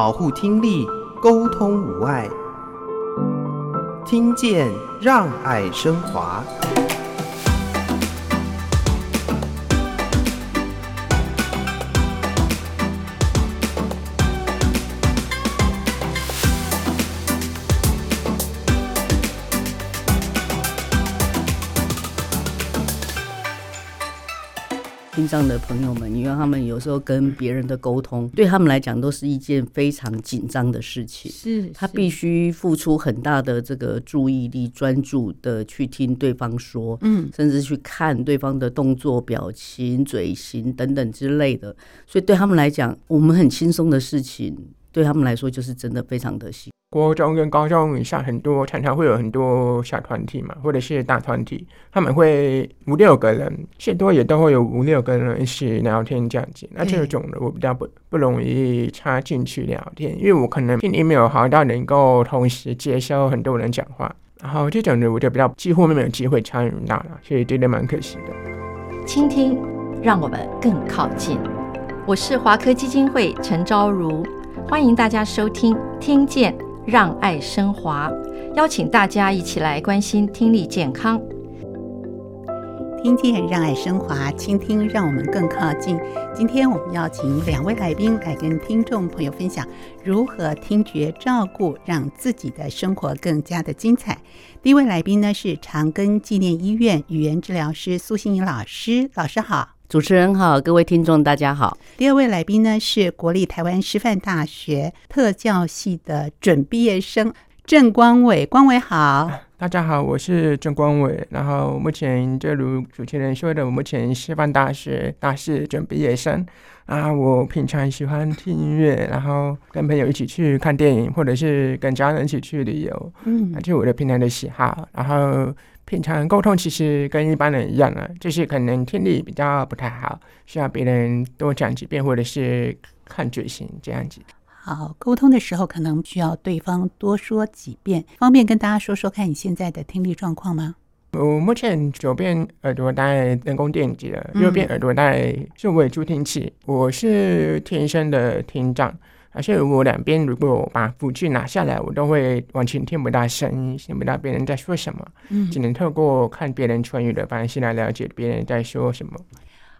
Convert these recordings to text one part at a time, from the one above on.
保護聽力，溝通無礙，聽見讓愛聲華。樣的朋友們，你看他們有時候跟別人的溝通，對他們來講都是一件非常緊張的事情。是，他必須付出很大的這個注意力，專注的去聽對方說，嗯，甚至去看對方的動作、表情、嘴型等等之類的。所以對他們來講，我們很輕鬆的事情。對他們來說，就是真的非常的稀。國中跟高中以上很多常常會有很多小團體嘛，或者是大團體，他們會五六個人，最多也都會有五六個人一起聊天這樣子。那這種的我比較不不容易插進去聊天，嘿因為我可能聽力沒有好到能夠同時接收很多人講話。然後這種的我就比較幾乎沒有機會參與到了，所以真的蠻可惜的。傾聽，讓我們更靠近。我是華科基金會陳昭如。歡迎大家收聽《聽見讓愛聲華》，邀請大家一起來關心聽力健康。聽見讓愛聲華，傾聽讓我們更靠近。今天我們邀請兩位來賓來跟聽眾朋友分享如何聽覺照顧，讓自己的生活更加的精彩。第一位來賓呢，是長庚紀念醫院語言治療師蘇心怡老師，老師好。主持人好，各位聽眾大家好。第二位來賓呢是國立臺灣師範大學特教系的準畢業生鄭光洧，光洧好。啊，大家好，我是鄭光洧。然後目前正如主持人說的，我目前師範大學大四準畢業生。啊，我平常喜歡聽音樂，然後跟朋友一起去看電影，或者是跟家人一起去旅遊。嗯，這是我的平常的喜好，然後，平常溝通其實跟一般人一樣啊，就是可能聽力比較不太好，需要別人多講幾遍或者是看嘴型，這樣子。好，溝通的時候可能需要對方多說幾遍，方便跟大家說說看你現在的聽力狀況嗎？我目前左邊耳朵戴人工電子耳，右邊耳朵戴數位助聽器，嗯、我是天生的聽障。而且如果我兩邊如果把輔具拿下來，嗯、我都會完全聽不到聲音，聽不到別人在說什麼，嗯、只能透過看別人唇語的方式來了解別人在說什麼。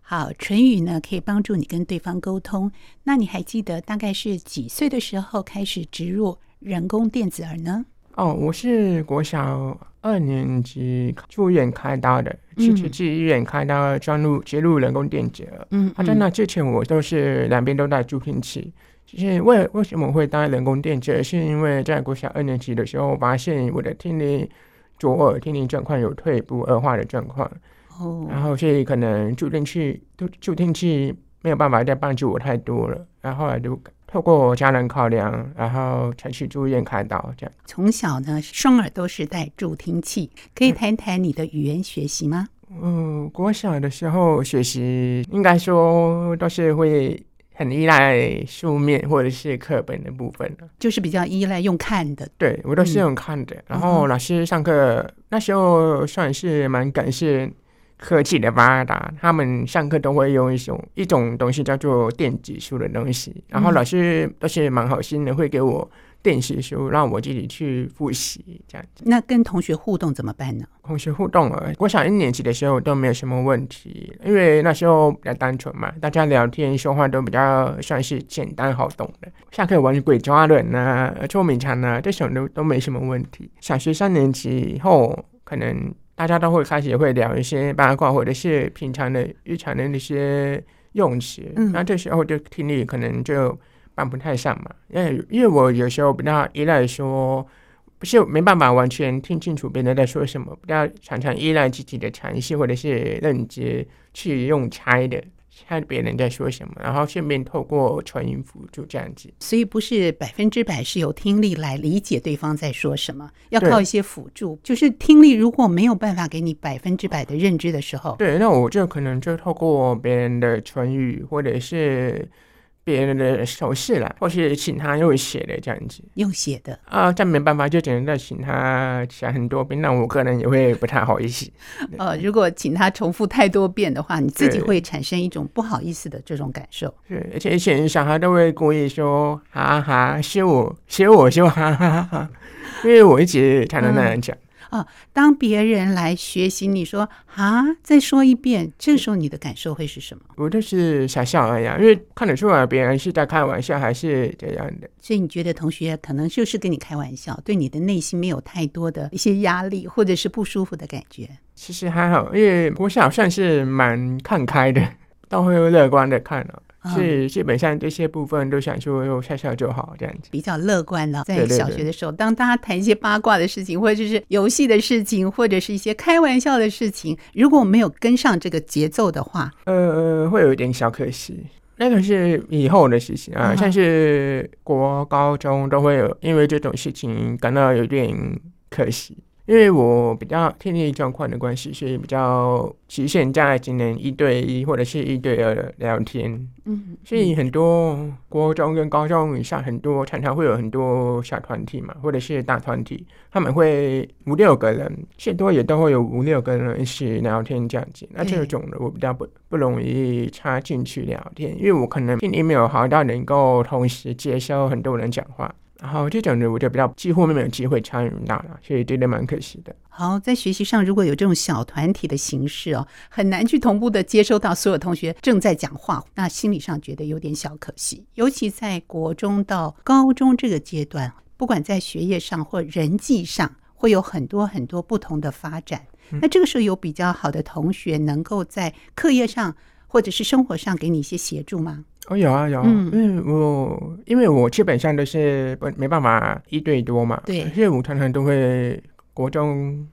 好，唇語呢可以幫助你跟對方溝通。那你還記得大概是幾歲的時候開始植入人工電子耳呢？哦，我是國小二年級住院開刀的，去去醫院開刀裝入植入人工電子耳。嗯，嗯，好在、啊、那之前我都是兩邊都戴助聽器。是為為什麼會帶人工電子耳？是因為在國小二年級的時候，我發現我的聽力，左耳聽力狀況有退步惡化的狀況，oh. 然後所以可能助聽器助助聽器沒有辦法再幫助我太多了，然後來就透過家人考量，然後才去住院開刀這樣。從小呢，雙耳都是帶助聽器，可以談談你的語言學習嗎？嗯,嗯，國小的時候學習應該說都是會。很依賴書面或者是課本的部分，就是比較依賴用看的。對，我都是用看的。嗯、然後老師上課、嗯、那時候算是蠻感謝科技的發達，他們上課都會用一種一種東西叫做電子書的東西。然後老師都是蠻好心的，會給我。電子書讓我自己去複習，這樣子。那跟同學互動怎麼辦呢？同學互動啊，我小一年級的時候都沒有什麼問題，因為那時候比較單純嘛，大家聊天說話都比較算是簡單好懂的。下課玩鬼抓人啊、捉迷藏啊，這些都都沒什麼問題。小學三年級以後，可能大家都會開始會聊一些八卦，或者是平常的日常的那些用詞。嗯、那這時候就聽力可能就。辦不太上嘛，因為因為我有時候比較依賴說，不是沒辦法完全聽清楚別人在說什麼，比較常常依賴自己的常識或者是認知去用猜的，猜別人在說什麼，然後順便透過傳音輔助，就這樣子。所以不是百分之百是由聽力來理解對方在說什麼，要靠一些輔助，對就是聽力如果沒有辦法給你百分之百的認知的時候，對，那我就可能就透過別人的唇語或者是。別人的手勢啦，或是請他用寫的這樣子，用寫的啊，這沒辦法，就只能再請他寫很多遍。那我個人也會不太好意思。 對呃，如果請他重複太多遍的話，你自己會產生一種不好意思的這種感受。對,對，而且以前小孩都會故意說“哈哈羞我羞我羞哈哈哈”，因為我一直聽到那樣講。嗯哦，當別人來學習，你說啊，再說一遍，這時候你的感受會是什麼？我就是想笑而已，因為看得出來，別人是在開玩笑還是這樣的？所以你覺得同學可能就是跟你開玩笑，對你的內心沒有太多的一些壓力或者是不舒服的感覺？其實還好，因為我好像是蠻看開的，都會有樂觀的看了。哦。是基本上這些部分都想說說笑笑就好這樣子，比較樂觀的。在小學的時候，當大家談一些八卦的事情，或者就是遊戲的事情，或者是一些開玩笑的事情，如果沒有跟上這個節奏的話，呃，會有一點小可惜。那個是以後的事情啊，像是國高中都會有，因為這種事情感到有點可惜。因為我比較聽力狀況的關係，所以比較，其實現在只能一對一或者是一對二的聊天。嗯，所以很多國中跟高中以上很多常常會有很多小團體嘛，或者是大團體，他們會五六個人，最多也都會有五六個人一起聊天這樣子。那這種的我比較不不容易插進去聊天，因為我可能聽力沒有好到能夠同時接收很多人講話。然後這種人我就比較幾乎沒有機會參與那了，所以覺得蠻可惜的。好，在學習上如果有這種小團體的形式哦，很難去同步的接收到所有同學正在講話，那心理上覺得有點小可惜。尤其在國中到高中這個階段，不管在學業上或人際上，會有很多很多不同的發展。嗯，那這個時候有比較好的同學能夠在課業上或者是生活上給你一些協助嗎？哦，有啊有啊，嗯、因為我因為我基本上都是不沒辦法一對多嘛，對，因為我常常都會國中、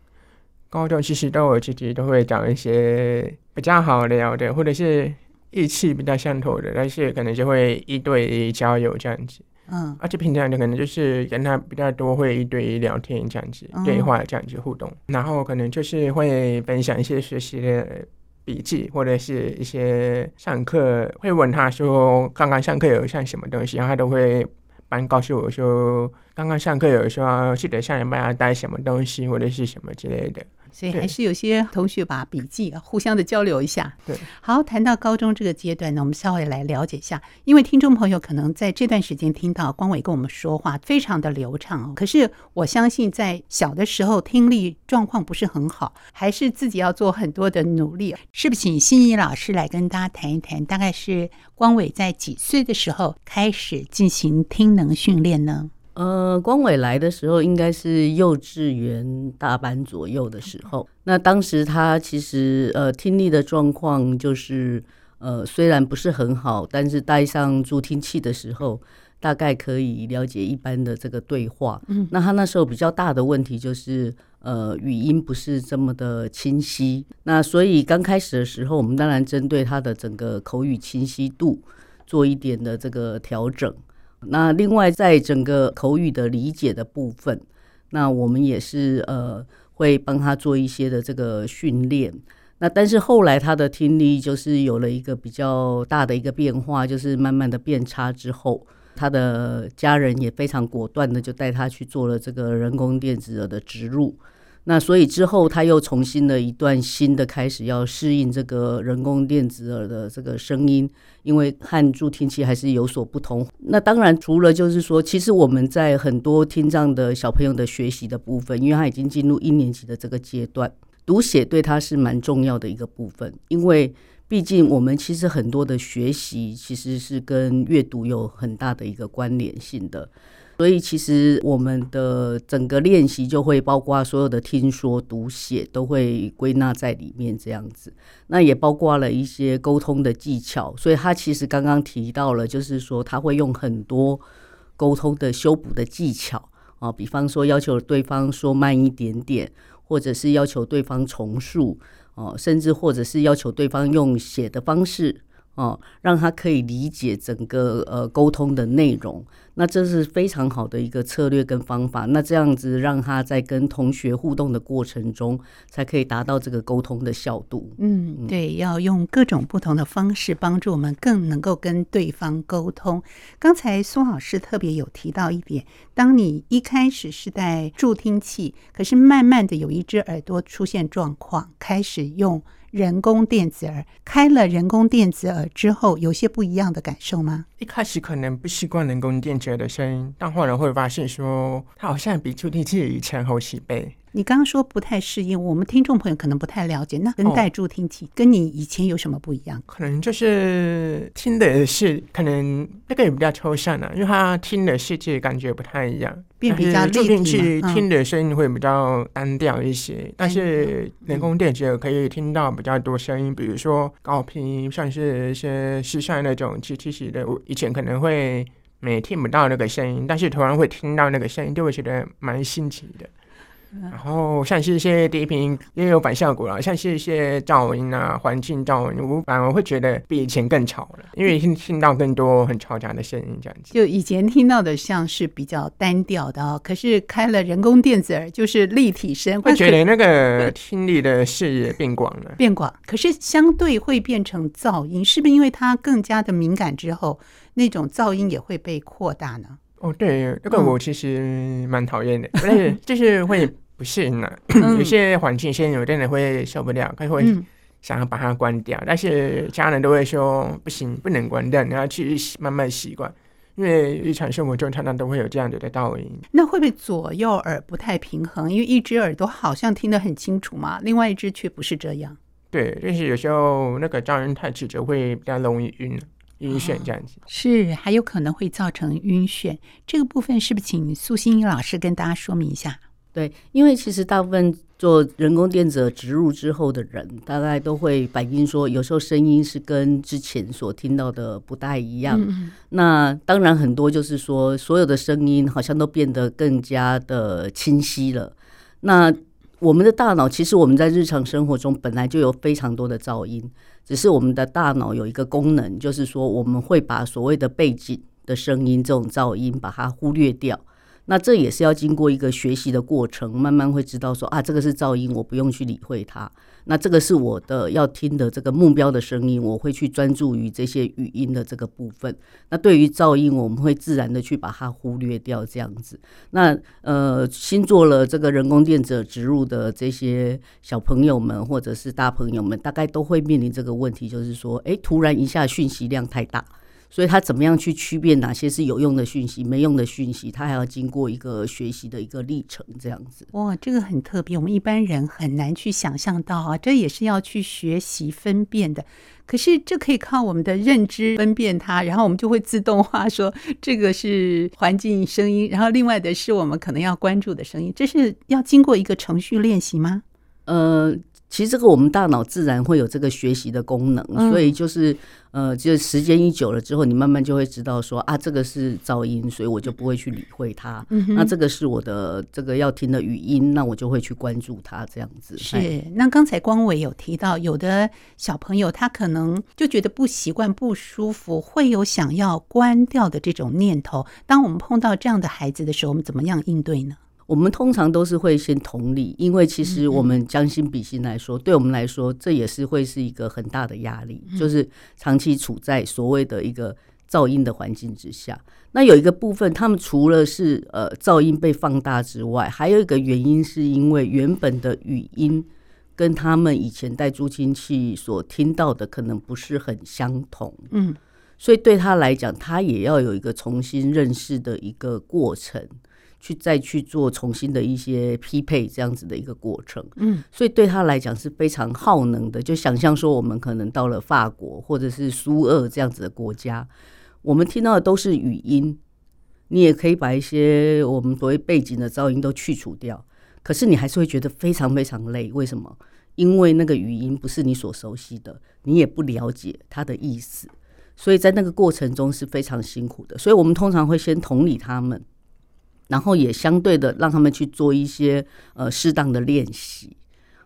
高中其實都我自己都會找一些比較好聊的，或者是意氣比較相投的，但是可能就會一對一交友這樣子，嗯，而且平常就可能就是跟他比較多，會一對一聊天這樣子，嗯、對話這樣子互動，然後可能就是會分享一些學習的。筆記或者是一些上課會問他說，剛剛上課有上什麼東西，然後他都會幫告訴我說，剛剛上課有時候記得下一班要帶什麼東西或者是什麼之類的。所以還是有些同學把筆記、啊、對互相的交流一下。對，好，談到高中這個階段呢，我們稍微來了解一下。因為聽眾朋友可能在這段時間聽到光洧跟我們說話非常的流暢，可是我相信在小的時候聽力狀況不是很好，還是自己要做很多的努力。是不是請心怡老師來跟大家談一談？大概是光洧在幾歲的時候開始進行聽能訓練呢？呃，光洧來的時候應該是幼稚園大班左右的時候。嗯。那當時他其實呃聽力的狀況就是呃雖然不是很好，但是戴上助聽器的時候，大概可以了解一般的這個對話。嗯。那他那時候比較大的問題就是呃語音不是這麼的清晰。那所以剛開始的時候，我們當然針對他的整個口語清晰度做一點的這個調整。那另外，在整個口語的理解的部分，那我們也是呃會幫他做一些的這個訓練。那但是後來他的聽力就是有了一個比較大的一個變化，就是慢慢的變差之後，他的家人也非常果斷的就帶他去做了這個人工電子耳的植入。那所以之後他又重新的一段新的開始，要適應這個人工電子耳的這個聲音，因為和助聽器還是有所不同。那當然，除了就是說，其實我們在很多聽障的小朋友的學習的部分，因為他已經進入一年級的這個階段，讀寫對他是蠻重要的一個部分，因為畢竟我們其實很多的學習其實是跟閱讀有很大的一個關聯性的。所以，其實我們的整個練習就會包括所有的聽說讀寫，都會歸納在裡面這樣子。那也包括了一些溝通的技巧。所以，他其實剛剛提到了，就是說他會用很多溝通的修補的技巧啊，比方說要求對方說慢一點點，或者是要求對方重述，哦，甚至或者是要求對方用寫的方式。哦，讓他可以理解整個呃溝通的內容，那這是非常好的一個策略跟方法。那這樣子讓他在跟同學互動的過程中，才可以達到這個溝通的效度。嗯，對，要用各種不同的方式幫助我們更能夠跟對方溝通。剛才蘇老師特別有提到一點，當你一開始是戴助聽器，可是慢慢的有一隻耳朵出現狀況，開始用。人工電子耳，開了人工電子耳之後，有些不一樣的感受嗎？一開始可能不習慣人工電子耳的聲音，但後來會發現說，它好像比助聽器以前好幾倍。你剛剛說不太適應，我們聽眾朋友可能不太了解，那跟戴助聽器跟你以前有什麼不一樣？哦，可能就是聽的是，可能那個也比較抽象了啊，因為，他聽的世界感覺不太一樣。是，就是助聽器聽的聲音會比較單調一些，嗯、但是人工電子耳可以聽到比較多聲音，嗯、比如說高頻，像是一些蟋蟀那種唧唧唧的，我以前可能會沒聽不到那個聲音，但是突然會聽到那個聲音，就會覺得蠻新奇的。然後像是一些低頻也有反效果啦，啊，像是一些噪音啊、環境噪音，我反而會覺得比以前更吵了，因為聽聽到更多很嘈雜的聲音，這樣子，嗯。就以前聽到的像是比較單調的哦，可是開了人工電子耳，就是立體聲，會覺得那個聽力的視野變廣了，變廣。可是相對會變成噪音，是不是因為它更加的敏感之後，那種噪音也會被擴大呢？哦，對，這個我其實蠻討厭的，就、嗯、是就是會。 不是呢，嗯、有些環境，聲音有的人會受不了，他會想要把它關掉。嗯、但是家人都會說：“不行，不能關掉，你要去慢慢習慣。”因為日常生活中常常都會有這樣的噪音。那會不會左右耳不太平衡？因為一只耳朵好像聽得很清楚嘛，另外一只卻不是這樣。對，就是有時候那個噪音太持久，會比較容易暈暈眩這樣子。啊、是還有可能會造成暈眩。這個部分是不是請蘇心怡老師跟大家說明一下？對，因為其實大部分做人工電子植入之後的人，大概都會反映說，有時候聲音是跟之前所聽到的不太一樣。嗯、哼那當然很多就是說，所有的聲音好像都變得更加的清晰了。那我們的大腦，其實我們在日常生活中本來就有非常多的噪音，只是我們的大腦有一個功能，就是說我們會把所謂的背景的聲音這種噪音把它忽略掉。那這也是要經過一個學習的過程，慢慢會知道說，啊，這個是噪音，我不用去理會它。那這個是我的要聽的這個目標的聲音，我會去專注於這些語音的這個部分。那對於噪音，我們會自然的去把它忽略掉這樣子。那呃，新做了這個人工電子植入的這些小朋友們或者是大朋友們，大概都會面臨這個問題，就是說，哎，突然一下訊息量太大。所以它怎麼樣去區別哪些是有用的訊息、沒用的訊息？它還要經過一個學習的一個歷程，這樣子。哇、哦，這個很特別，我們一般人很難去想象到啊，這也是要去學習分辨的。可是這可以靠我們的認知分辨它，然後我們就會自動化說，這個是環境聲音，然後另外的是我們可能要關注的聲音。這是要經過一個程序練習嗎？呃。其實這個我們大腦自然會有這個學習的功能，所以就是呃，就是時間一久了之後，你慢慢就會知道說啊，這個是噪音，所以我就不會去理會它。那這個是我的這個要聽的語音，那我就會去關注它這樣子。嗯哼。是。那剛才光洧有提到，有的小朋友他可能就覺得不習慣、不舒服，會有想要關掉的這種念頭。當我們碰到這樣的孩子的時候，我們怎麼樣應對呢？我們通常都是會先同理，因為其實我們將心比心來說，嗯嗯，對我們來說，這也是會是一個很大的壓力，嗯嗯，就是長期處在所謂的一個噪音的環境之下。那有一個部分，他們除了是呃噪音被放大之外，還有一個原因是因為原本的語音跟他們以前戴助聽器所聽到的可能不是很相同，嗯，所以對他來講，他也要有一個重新認識的一個過程。去再去做重新的一些匹配，這樣子的一個過程。嗯，所以對他來講是非常耗能的。就想象說，我們可能到了法國或者是蘇俄這樣子的國家，我們聽到的都是語音。你也可以把一些我們所謂背景的噪音都去除掉，可是你還是會覺得非常非常累。為什麼？因為那個語音不是你所熟悉的，你也不了解它的意思，所以在那個過程中是非常辛苦的。所以我們通常會先同理他們。然後也相對的讓他們去做一些呃適當的練習，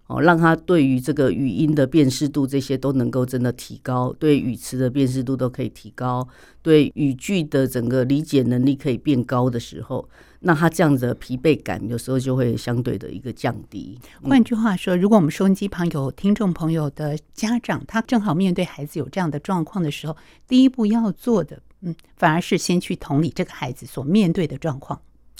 哦，讓他對於這個語音的辨識度這些都能夠真的提高，對語詞的辨識度都可以提高，對語句的整個理解能力可以變高的時候，那他這樣的疲憊感有時候就會相對的一個降低。嗯、換句話說，如果我們收音機旁有聽眾朋友的家長，他正好面對孩子有這樣的狀況的時候，第一步要做的，嗯，反而是先去同理這個孩子所面對的狀況。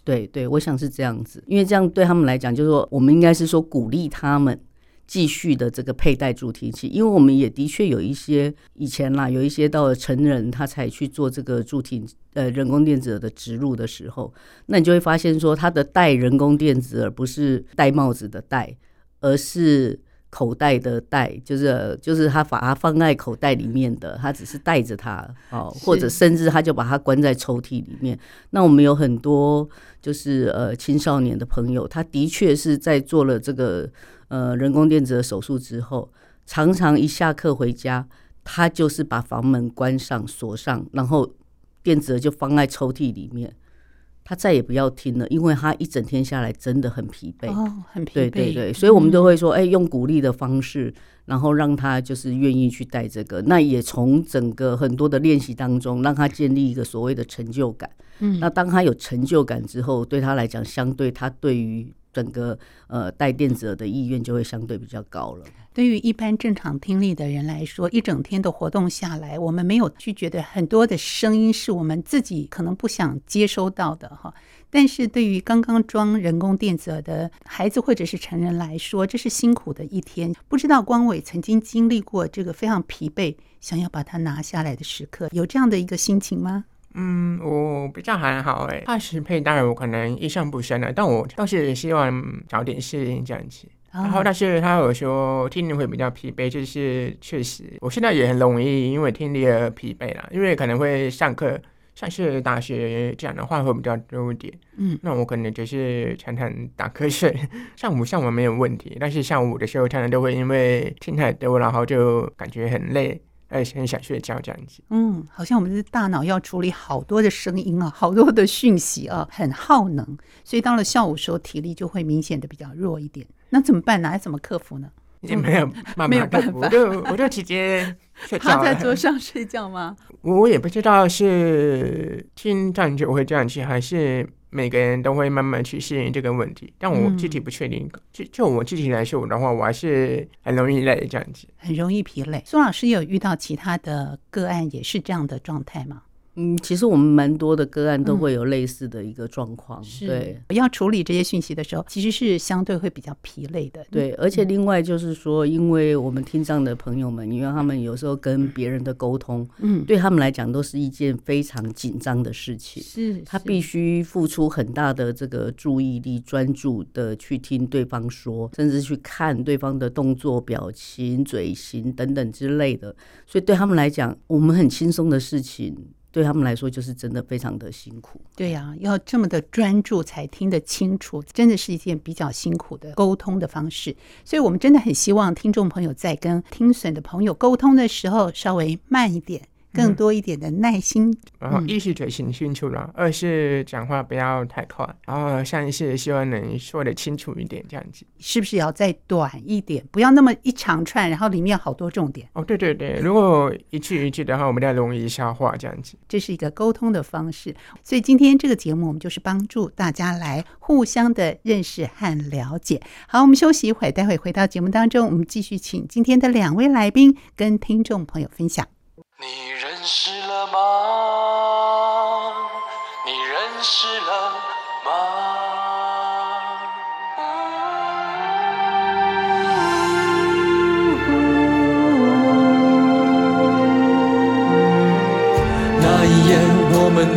對對，我想是這樣子，因為這樣對他們來講，就是說，我們應該是說鼓勵他們繼續的這個佩戴助聽器，因為我們也的確有一些以前啦，有一些到了成人他才去做這個助聽呃人工電子耳的植入的時候，那你就會發現說，他的戴人工電子耳而不是戴帽子的戴，而是。口袋的袋，就是就是他把它放在口袋裡面的，他只是帶着它。哦，是或者甚至他就把它關在抽屜裡面。那我們有很多就是呃青少年的朋友，他的確是在做了這個呃人工電子的手術之後，常常一下課回家，他就是把房門關上鎖上，然後電子就放在抽屜裡面。他再也不要聽了，因為他一整天下來真的很疲憊，哦，很疲憊。對對對，所以我們都會說，哎、欸，用鼓勵的方式，然後讓他就是願意去帶這個。那也從整個很多的練習當中，讓他建立一個所謂的成就感。嗯。那當他有成就感之後，對他來講，相對他對於整個呃帶電者的意願就會相對比較高了。對於一般正常聽力的人來說，一整天的活動下來，我們沒有去覺得很多的聲音是我們自己可能不想接收到的哈。但是對於剛剛裝人工電子耳的孩子或者是成人來說，這是辛苦的一天。不知道光洧曾經經歷過這個非常疲憊，想要把它拿下來的時刻，有這樣的一個心情嗎？嗯，我比較還好誒。二十配戴我可能印象不深了，但我倒是希望早點適應這樣子。然後，但是他有說聽力會比較疲憊，就是確實，我現在也很容易因為聽力而疲憊了，因為可能會上課，像是大學講的話會比較多一點，嗯，那我可能就是常常打瞌睡。嗯、上午、上午沒有問題，但是下午的時候，常常都會因為聽太多，然後就感覺很累，而且很想睡覺這樣子。嗯，好像我們的大腦要處理好多的聲音啊，好多的訊息啊，很耗能，所以到了下午的時候，體力就會明顯的比較弱一點。嗯那怎麼辦呢？還怎麼克服呢？也、嗯、沒有，慢慢沒有辦法。我就我就直接睡覺。趴 在桌上睡覺嗎？我也不知道是聽太久會這樣子，還是每個人都會慢慢去適應這個問題。但我具體不確定。就、嗯、就我具體來說的話，我還是很容易累這樣子，很容易疲累。蘇老師有遇到其他的個案也是這樣的狀態嗎？嗯，其實我們蠻多的個案都會有類似的一個狀況、嗯。是，對。要處理這些訊息的時候，其實是相對會比較疲累的。嗯、對，而且另外就是說，因為我們聽障的朋友們，嗯、因為他們有時候跟別人的溝通，嗯，對他們來講都是一件非常緊張的事情。是，是他必須付出很大的這個注意力，專注的去聽對方說，甚至去看對方的動作、表情、嘴型等等之類的。所以對他們來講，我們很輕鬆的事情。對他們來說，就是真的非常的辛苦。對呀，要這麼的專注才聽得清楚，真的是一件比較辛苦的溝通的方式。所以，我們真的很希望聽眾朋友在跟聽損的朋友溝通的時候，稍微慢一點。更多一點的耐心。嗯、然後一是嘴型清楚了，嗯、二是講話不要太快，然後三是希望能說得清楚一點，這樣子是不是要再短一點？不要那麼一長串，然後裡面有好多重點。哦，對對對，如果一句一句的話，我們要容易消化這樣子。 這是一個溝通的方式，所以今天這個節目，我們就是幫助大家來互相的認識和了解。好，我們休息一會，待會回到節目當中，我們繼續請今天的兩位來賓跟聽眾朋友分享。你認識了嗎？你認識。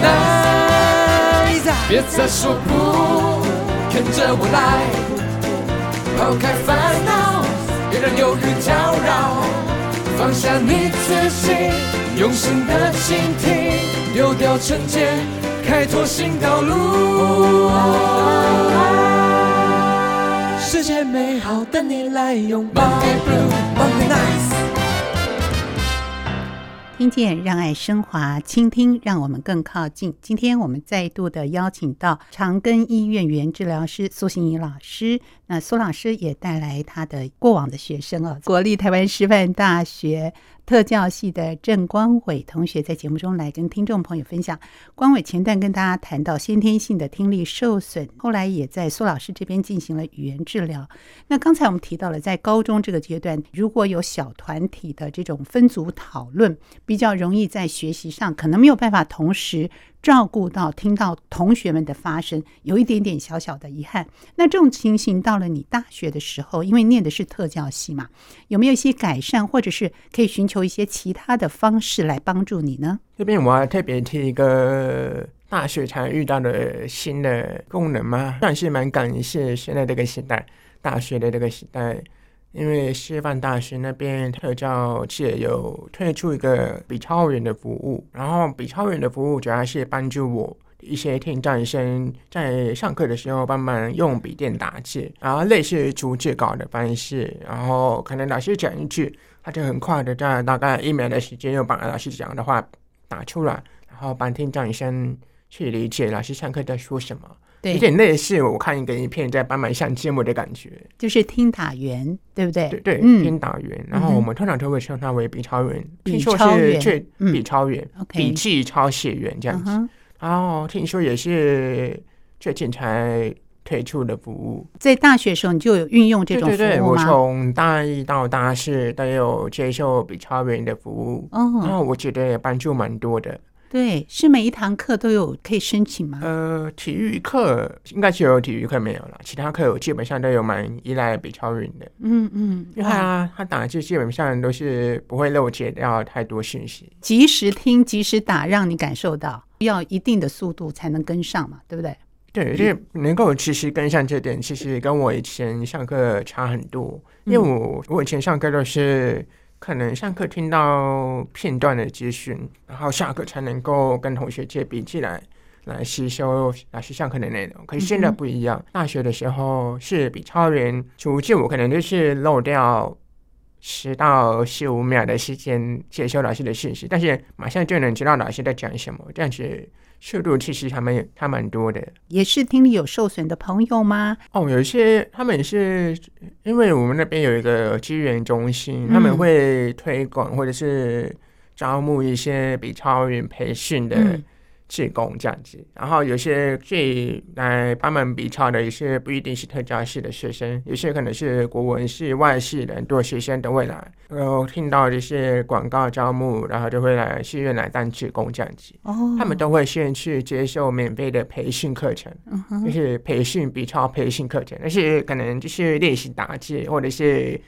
Nice, 別再說不，跟 着我來，拋開煩惱，別讓猶豫打擾，放下你自己，用心的傾聽，丟掉成見，開拓新道路。 世界美好等你來擁抱。聽見讓愛聲華，傾聽讓我們更靠近。今天我們再度的邀請到長庚醫院語言治療師蘇心怡老師。那蘇老師也帶來他的過往的學生啊，國立台灣師範大學特教系的鄭光洧同學在節目中來跟聽眾朋友分享。光洧前段跟大家談到先天性的聽力受損，後來也在蘇老師這邊進行了語言治療。那剛才我們提到了，在高中這個階段，如果有小團體的這種分組討論，比較容易在學習上可能沒有辦法同時。照顧到聽到同學們的發聲，有一點點小小的遺憾。那這種情形到了你大學的時候，因為念的是特教系嘛，有沒有一些改善，或者是可以尋求一些其他的方式來幫助你呢？這邊我還特別提一個大學才遇到的新的功能嘛，算是蠻感謝現在這個時代，大學的這個時代。因為師範大學那邊特教系有推出一個筆抄員的服務，然後筆抄員的服務主要是幫助我一些聽障生在上課的時候幫忙用筆電打字，然後類似逐字稿的方式，然後可能老師講一句，他就很快的在大概一秒的時間，又把老師講的話打出來，然後幫聽障學生去理解老師上課在說什麼。有點對類似我看你個影片，在幫忙上節目的感覺，就是聽打員，對不對？對對，對嗯、聽打員。然後我們通常都會稱他為筆抄員，超聽說是最、嗯、筆抄員，嗯、okay, 筆記抄寫員這樣子。Uh、huh, 然後聽說也是最近才推出的服務。在大學的時候，你就有運用這種服務？對對對，我從大一到大四都有接受筆抄員的服務。哦、uh，然後、huh, 我覺得幫助蠻多的。對，是每一堂課都有可以申請嗎呃，體育課應該只有體育課沒有了，其他課我基本上都有蠻依賴北超人的。嗯嗯，嗯因為啊，哇他打字基本上都是不會漏接掉太多信息，即時聽，即時打，讓你感受到，要一定的速度才能跟上嘛，對不對？對，這能夠即時跟上這點，其實跟我以前上課差很多，嗯、因為我我以前上課都是。可能上課聽到片段的資訊，然後下課才能夠跟同學借筆記來來吸收老師上課的內容。可是現在不一樣，嗯、哼大學的時候是比超人，出去我可能就是漏掉。十到十五秒的時間接收老師的訊息，但是馬上就能知道老師在講什麼，這樣子速度其實他們他蠻多的。也是聽力有受損的朋友嗎？哦，有一些他們也是，因為我們那邊有一個資源中心，嗯、他們會推廣或者是招募一些比較人培訓的。嗯志工這樣子，然後有些最來幫忙筆抄的，有些不一定是特教系的學生，有些可能是國文系、外系的很多學生都會來，然後聽到一些廣告招募，然後就會來戲院來當志工這樣子。哦，oh. 他們都會先去接受免費的培訓課程，uh huh. 就是培訓筆抄培訓課程，但是可能就是練習打字，或者是。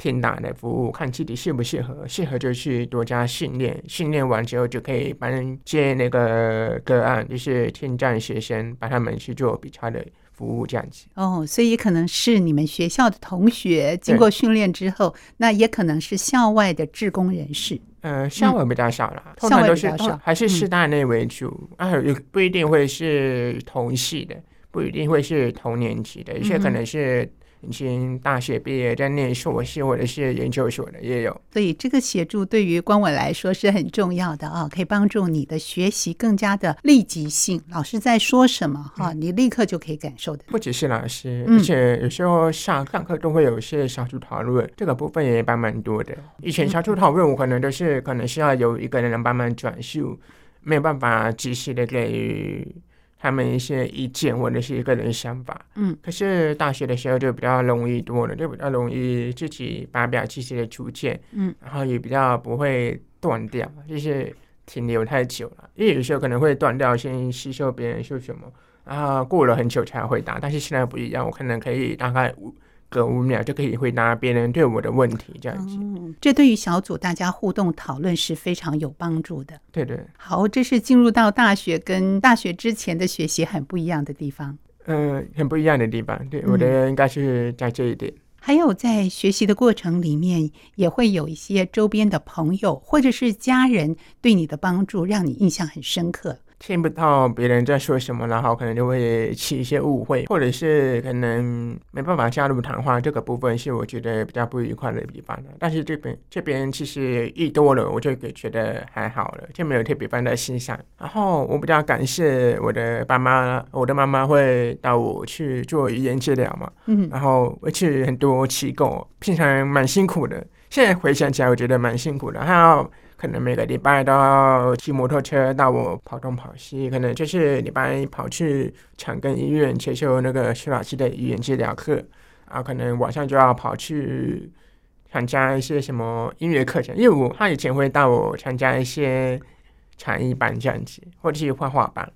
天大的服務，看自己適不適合，適合就去多加訓練，訓練完之後就可以幫人接那個個案，就是天戰的學生幫他們去做比他的服務這樣子。哦，oh, 所以可能是你們學校的同學經過訓練之後，對那也可能是校外的志工人士。呃，校外比較少了，嗯、校外比較少，還是師大內為主、嗯、啊，也不一定會是同系的，不一定會是同年級的，有些可能是。以前大學畢業，在念碩士或者是研究所的也有。所以這個協助對於光洧來說是很重要的啊，可以幫助你的學習更加的立即性。老師在說什麼哈，你立刻就可以感受的。不只是老師，而且有時候上上課都會有一些小組討論，這個部分也幫蠻多的。以前小組討論，我可能都是可能需要有一個人能幫忙轉述，沒有辦法及時的給他們一些意見，我的是一個人想法。嗯，可是大學的時候就比較容易多了，就比較容易自己發表自己的主見，嗯，然後也比較不會斷掉，就是停留太久了，因為有時候可能會斷掉，先吸收別人說什麼，然後過了很久才會答，但是現在不一樣，我可能可以大概五。隔五秒就可以回答別人對我的問題，這樣子。嗯，這對於小組大家互動討論是非常有幫助的。對對。好，這是進入到大學跟大學之前的學習很不一樣的地方。嗯、呃，很不一樣的地方，對，我的應該是在這一點。嗯、還有在學習的過程裡面，也會有一些周邊的朋友或者是家人對你的幫助，讓你印象很深刻。聽不到別人在說什麼，然後可能就會起一些誤會，或者是可能沒辦法加入談話，這個部分是我覺得比較不愉快的地方的。但是這邊這邊其實一多了，我就覺得還好了，就沒有特別放在心上。然後我比較感謝我的爸媽，我的媽媽會帶我去做語言治療嘛，嗯哼，然後而且很多機構平常蠻辛苦的，現在回想起來，我覺得蠻辛苦的。還有。可能每個禮拜都要騎摩托車帶我跑東跑西，可能就是禮拜跑去長庚醫院接受那個徐老師的語言治療課，啊，可能晚上就要跑去參加一些什麼音樂課程，因為我他以前會帶我參加一些才藝班這樣子，或者是畫畫班。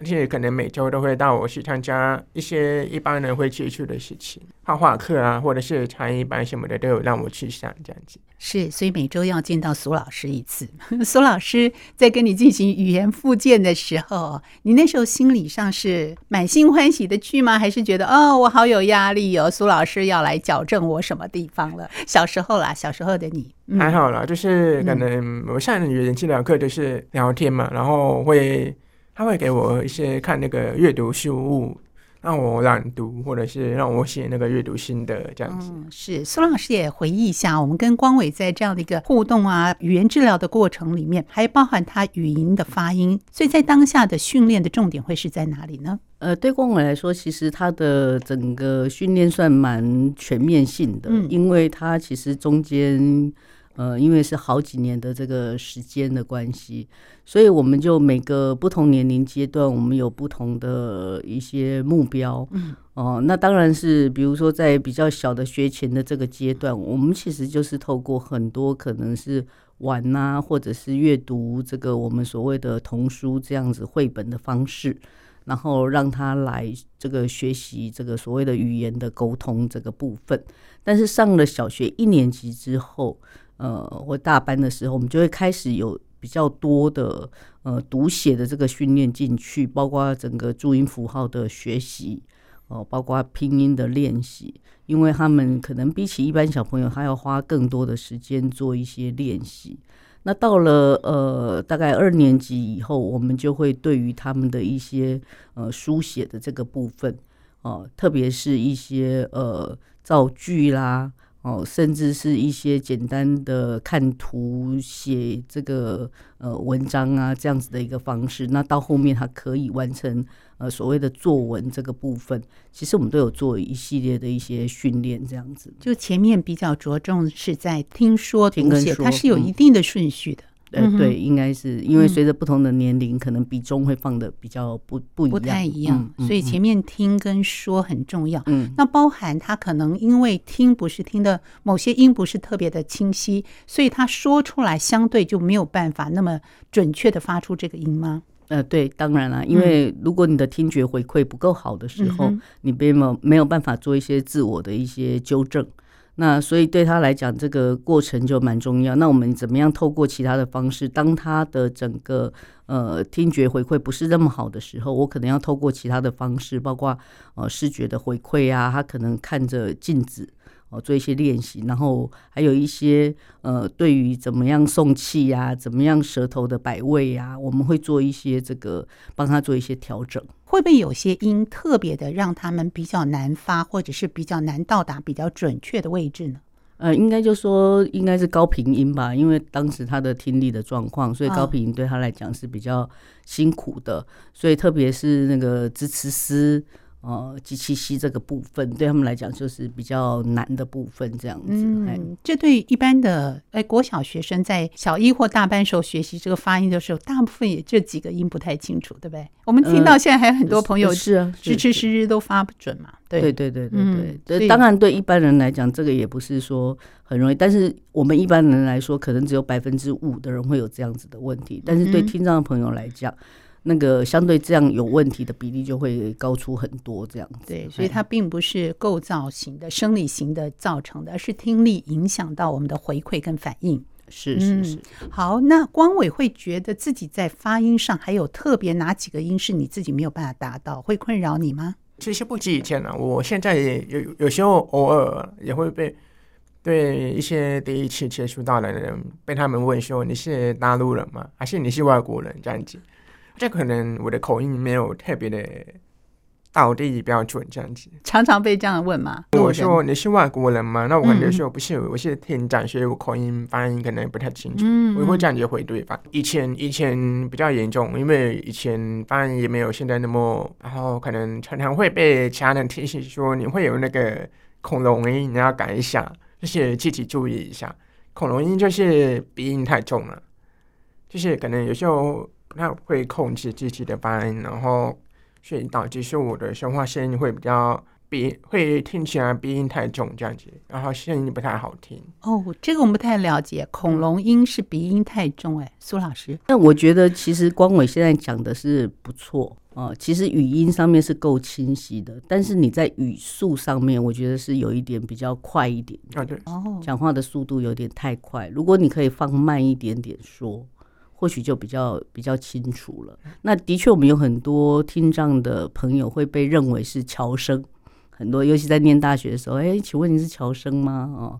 而且可能每周都會帶我去參加一些一般人會接觸的事情，畫畫課啊，或者是才藝班什麼的，都有讓我去上這樣子。是，所以每周要見到蘇老師一次。蘇老師在跟你進行語言復健的時候，你那時候心理上是滿心歡喜的去嗎？還是覺得哦，我好有壓力哦，蘇老師要來矯正我什麼地方了？小時候啦，小時候的你，嗯、還好啦，就是可能、嗯、我上語言治療課就是聊天嘛，然後會。他會給我一些看那個閱讀書物，讓我朗讀，或者是讓我寫那個閱讀心得這樣子。嗯、是蘇老師也回憶一下，我們跟光洧在這樣的一個互動啊，語言治療的過程裡面，還包含他語音的發音，所以在當下的訓練的重點會是在哪裡呢？呃，對光洧來說，其實他的整個訓練算蠻全面性的，嗯、因為他其實中間。呃，因為是好幾年的這個時間的關係，所以我們就每個不同年齡階段，我們有不同的一些目標。嗯，哦、呃，那當然是，比如說在比較小的學前的這個階段，我們其實就是透過很多可能是玩啊，或者是閱讀這個我們所謂的童書這樣子繪本的方式，然後讓他來這個學習這個所謂的語言的溝通這個部分。但是上了小學一年級之後。呃，或大班的時候，我們就會開始有比較多的呃讀寫的這個訓練進去，包括整個注音符號的學習，哦、呃，包括拼音的練習，因為他們可能比起一般小朋友，還要花更多的時間做一些練習。那到了呃大概二年級以後，我們就會對於他們的一些呃書寫的這個部分，哦、呃，特別是一些呃造句啦。哦，甚至是一些簡單的看圖寫這個呃文章啊，這樣子的一個方式。那到後面他可以完成呃所謂的作文這個部分，其實我們都有做一系列的一些訓練，這樣子。就前面比較着重是在聽說讀寫，它是有一定的順序的。嗯呃，對，應該是因為隨着不同的年齡，可能比重會放得比較不不一樣不太一樣，所以前面聽跟說很重要。嗯，嗯，嗯，那包含他可能因為聽不是聽的某些音不是特別的清晰，所以他說出來相對就沒有辦法那麼準確的發出這個音嗎？呃，對，當然了，啊，因為如果你的聽覺回饋不夠好的時候，你別沒有沒有辦法做一些自我的一些糾正。那所以對他來講，這個過程就蠻重要。那我們怎麼樣透過其他的方式？當他的整個呃聽覺回饋不是那麼好的時候，我可能要透過其他的方式，包括呃視覺的回饋啊，他可能看着鏡子。哦，做一些練習，然後還有一些呃，對於怎麼樣送氣呀、啊，怎麼樣舌頭的擺位呀、啊，我們會做一些這個幫他做一些調整。會不會有些音特別的讓他們比較難發，或者是比較難到達比較準確的位置呢？呃，應該就說應該是高頻音吧，因為當時他的聽力的狀況，所以高頻音對他來講是比較辛苦的，啊，所以特別是那個支持師。哦，及其西這個部分對他們來講就是比較難的部分，這樣子。嗯，這對一般的哎、欸、國小學生在小一或大班時候學習這個發音的時候，大部分也這幾個音不太清楚，對不對？嗯、我們聽到現在還有很多朋友、嗯、是，是啊，日日日日都發不準嘛。對對，對對對對。嗯對以對，當然對一般人來講，這個也不是說很容易。但是我們一般人來說，可能只有百分之五的人會有這樣子的問題。嗯、哼但是對聽障的朋友來講。那個相對這樣有問題的比例就會高出很多，這樣子。對，所以它並不是構造型的、生理型的造成的，而是聽力影響到我們的回饋跟反應。是是是、嗯。是是好，那光洧會覺得自己在發音上還有特別哪幾個音是你自己沒有辦法達到，會困擾你嗎？其實不止以前了、啊，我現在也有有時候偶爾、啊、也會被對一些第一次接觸到的人，被他們問說，你是大陸人嗎，還是你是外國人這樣子。這可能我的口音沒有特別的道地標準，這樣子。常常被這樣問嗎？如果說你是外國人嗎？那我感覺說不是，嗯、我是聽障，所以我口音發音可能不太清楚。嗯嗯，我也會這樣子回對方。以前以前比較嚴重，因為以前發音也沒有現在那麼，然後可能常常會被其他人提醒說你會有那個恐龍音，你要改一下，就是自己注意一下。恐龍音就是鼻音太重了，就是可能有時候。不太會控制自己的發音，然後所以導致說我的說話聲音會比較鼻，會聽起來鼻音太重這樣子，然後聲音不太好聽。哦，oh, 這個我們不太了解，恐龍音是鼻音太重哎、欸，嗯、蘇老師。那我覺得其實光洧現在講的是不錯哦、呃，其實語音上面是夠清晰的，但是你在語速上面，我覺得是有一點比較快一點哦，oh, 對講話的速度有點太快，如果你可以放慢一點點說。或許就比較比較清楚了。那的確，我們有很多聽障的朋友會被認為是僑生，很多，尤其在念大學的時候，哎、欸，請問你是僑生嗎？哦，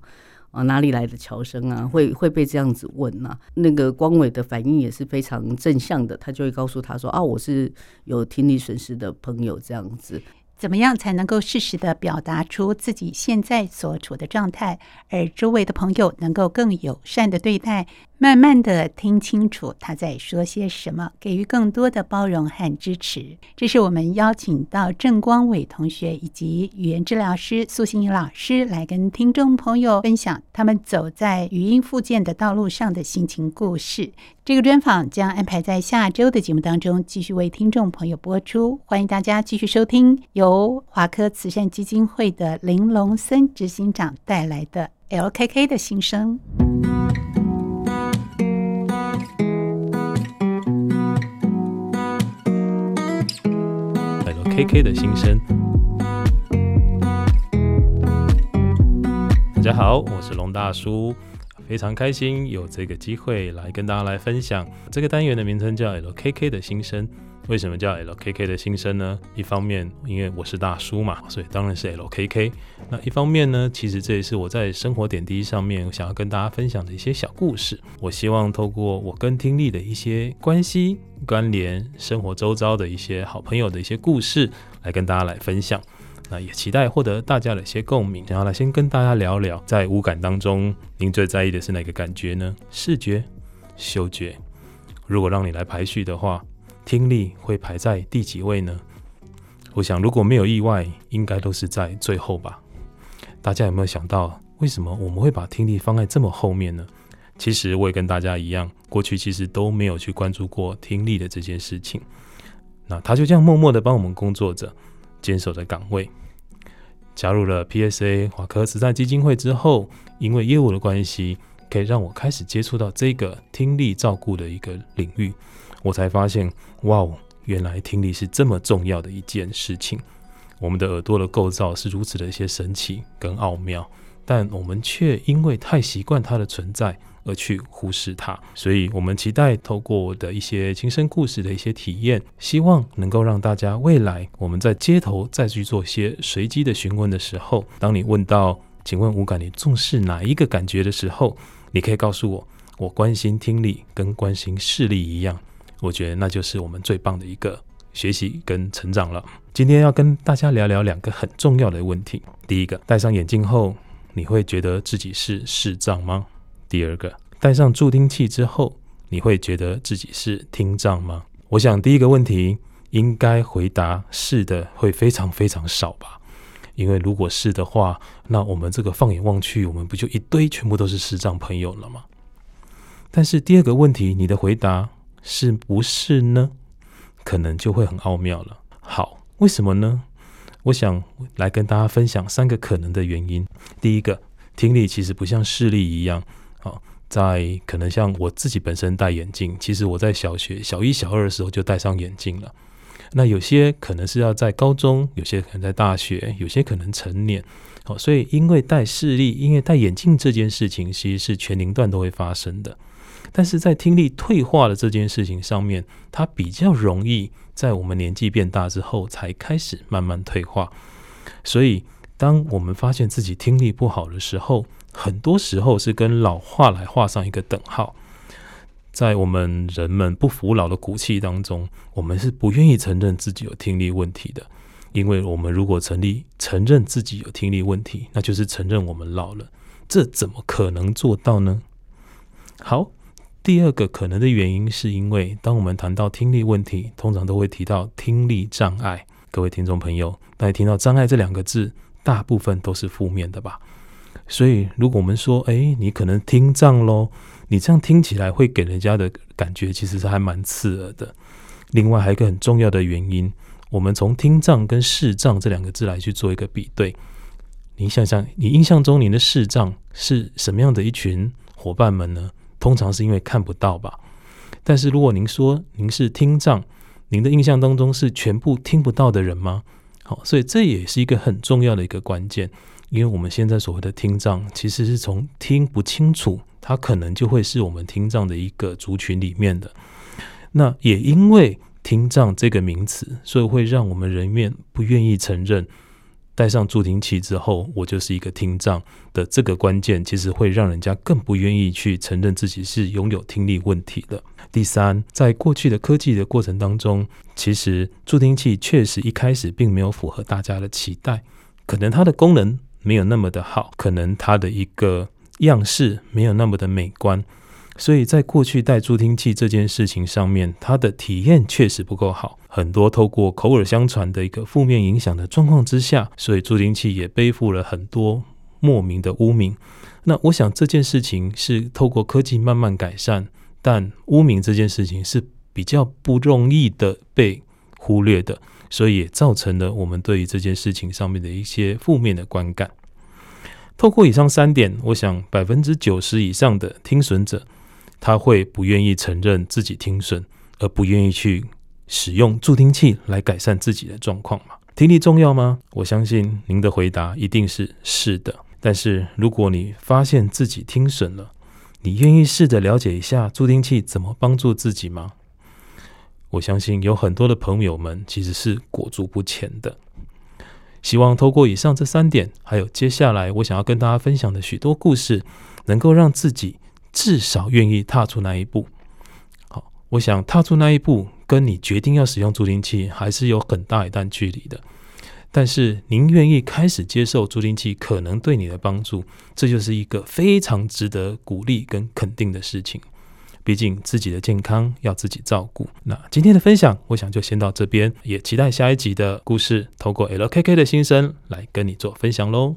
啊，哪裡來的僑生啊？會會被這樣子問吶、啊？那個光洧的反應也是非常正向的，他就會告訴他說啊，我是有聽力損失的朋友，這樣子，怎麼樣才能夠適時的表達出自己現在所處的狀態，而周圍的朋友能夠更友善的對待？慢慢地聽清楚他在說些什麼，給予更多的包容和支持。這是我們邀請到鄭光洧同學以及語言治療師蘇心怡老師來跟聽眾朋友分享他們走在語音復健的道路上的心情故事。這個專訪將安排在下周的節目當中繼續為聽眾朋友播出。歡迎大家繼續收聽由華科慈善基金會的林龍森執行長帶來的 LKK 的心聲。K K 的心聲。大家好，我是龍大叔，非常開心有這個機會來跟大家來分享，這個單元的名稱叫 L K K 的心聲。為什麼叫 LKK 的新生呢？一方面，因為我是大叔嘛，所以當然是 LKK。那一方面呢，其實這也是我在生活點滴上面，想要跟大家分享的一些小故事。我希望透過我跟聽力的一些關係關聯，生活周遭的一些好朋友的一些故事，來跟大家來分享。那也期待獲得大家的一些共鳴。然後來先跟大家聊聊，在五感當中，您最在意的是哪個感覺呢？視覺、嗅覺。如果讓你來排序的話。聽力會排在第幾位呢？我想，如果沒有意外，應該都是在最後吧。大家有沒有想到，為什麼我們會把聽力放在這麼後面呢？其實，我也跟大家一樣，過去其實都沒有去關注過聽力的這件事情。那他就這樣默默的幫我們工作着，堅守着崗位。加入了 PSA 華科慈善基金會之後，因為業務的關係，可以讓我開始接觸到這個聽力照顧的一個領域。我才發現，哇哦，原來聽力是這麼重要的一件事情。我們的耳朵的構造是如此的一些神奇跟奧妙，但我們卻因為太習慣它的存在而去忽視它。所以，我們期待透過我的一些親身故事的一些體驗，希望能夠讓大家未來我們在街頭再去做一些隨機的詢問的時候，當你問到“請問五感，你重視哪一個感覺”的時候，你可以告訴我，我關心聽力，跟關心視力一樣。我覺得那就是我們最棒的一個學習跟成長了。今天要跟大家聊聊兩個很重要的問題。第一個，戴上眼鏡後，你會覺得自己是視障嗎？第二個，戴上助聽器之後，你會覺得自己是聽障嗎？我想第一個問題應該回答是的，會非常非常少吧，因為如果是的話，那我們這個放眼望去，我們不就一堆全部都是視障朋友了嗎？但是第二個問題，你的回答……是不是呢？可能就會很奧妙了。好，為什麼呢？我想來跟大家分享三個可能的原因。第一個，聽力其實不像視力一樣，哦，在可能像我自己本身戴眼鏡，其實我在小學小一小二的時候就戴上眼鏡了。那有些可能是要在高中，有些可能在大學，有些可能成年。好、哦，所以因為戴視力，因為戴眼鏡這件事情，其實是全齡段都會發生的。但是在聽力退化的這件事情上面，它比較容易在我們年紀變大之後才開始慢慢退化。所以，當我們發現自己聽力不好的時候，很多時候是跟老化來畫上一個等號。在我們人們不服老的骨氣當中，我們是不願意承認自己有聽力問題的，因為我們如果成立承認自己有聽力問題，那就是承認我們老了，這怎麼可能做到呢？好。第二個可能的原因，是因為當我們談到聽力問題，通常都會提到聽力障礙。各位聽眾朋友，大家聽到“障礙”這兩個字，大部分都是負面的吧？所以，如果我們說，哎、欸，你可能聽障嘍，你這樣聽起來會給人家的感覺，其實是還蠻刺耳的。另外，還有一個很重要的原因，我們從“聽障”跟“視障”這兩個字來去做一個比對。你想想，你印象中您的視障是什麼樣的一群伙伴們呢？通常是因為看不到吧，但是如果您說您是聽障，您的印象當中是全部聽不到的人嗎？好，所以這也是一個很重要的一個關鍵，因為我們現在所謂的聽障，其實是從聽不清楚，它可能就會是我們聽障的一個族群裡面的。那也因為聽障這個名詞，所以會讓我們人們不願意承認。戴上助聽器之後，我就是一個聽障的，這個關鍵，其實會讓人家更不願意去承認自己是擁有聽力問題的。第三，在過去的科技的過程當中，其實助聽器確實一開始並沒有符合大家的期待，可能它的功能沒有那麼的好，可能它的一個樣式沒有那麼的美觀。所以在過去戴助聽器這件事情上面，它的體驗確實不夠好。很多透過口耳相傳的一個負面影響的狀況之下，所以助聽器也背負了很多莫名的污名。那我想這件事情是透過科技慢慢改善，但污名這件事情是比較不容易的被忽略的，所以也造成了我們對於這件事情上面的一些負面的觀感。透過以上三點，我想百分之九十以上的聽損者，他會不願意承認自己聽損，而不願意去使用助聽器來改善自己的狀況嗎？聽力重要嗎？我相信您的回答一定是是的。但是如果你發現自己聽損了，你願意試着了解一下助聽器怎麼幫助自己嗎？我相信有很多的朋友們其實是裹足不前的。希望透過以上這三點，還有接下來我想要跟大家分享的許多故事，能夠讓自己，至少願意踏出那一步，好，我想踏出那一步，跟你決定要使用助聽器還是有很大一段距離的。但是您願意開始接受助聽器可能對你的幫助，這就是一個非常值得鼓勵跟肯定的事情。畢竟自己的健康要自己照顧。那今天的分享，我想就先到這邊，也期待下一集的故事，透過 LKK 的心聲來跟你做分享嘍。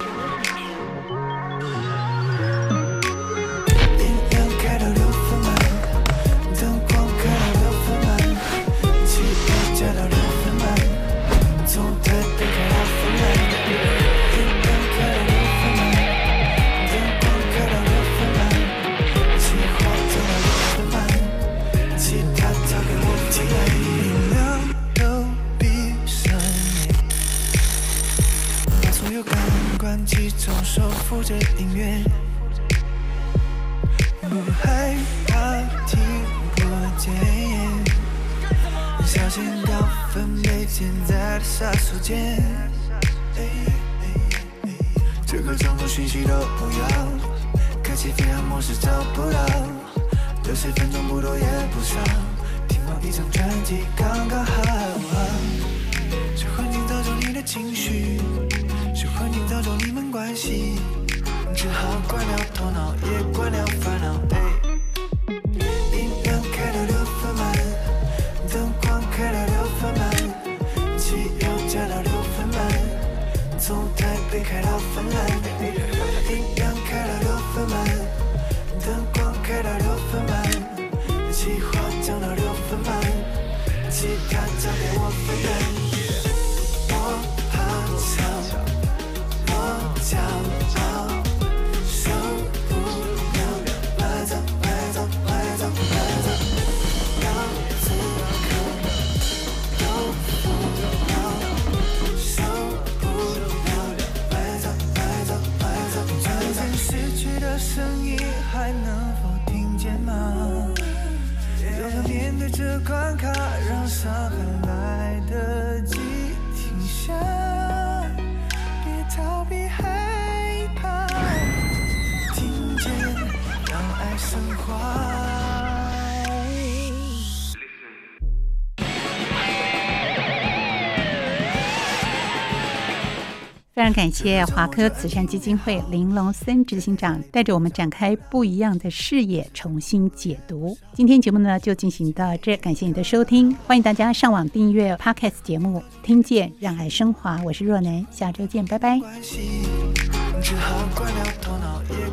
非常感謝華科慈善基金會林龍森執行長帶着我們展開不一樣的視野，重新解讀。今天節目呢就進行到這，感謝你的收聽，歡迎大家上網訂閱 Podcast 節目，聽見讓愛聲華。我是若男，下周見，拜拜關。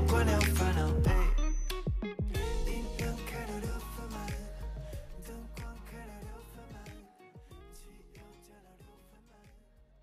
關